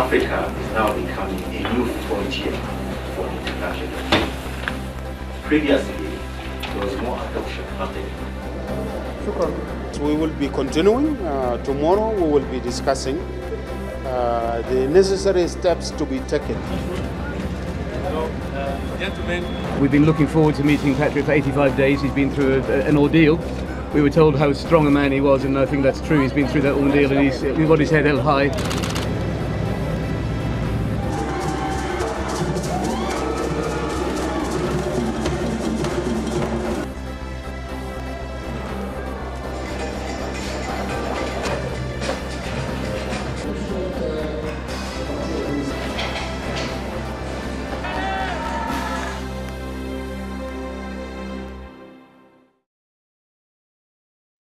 Africa is now becoming a new frontier for international Previously, there was more adoption happening. We will be continuing. Uh, tomorrow we will be discussing uh, the necessary steps to be taken. Hello, uh, gentlemen. We've been looking forward to meeting Patrick for 85 days. He's been through a, an ordeal we were told how strong a man he was, and I think that's true. He's been through that ordeal and he's, he's got his head held high.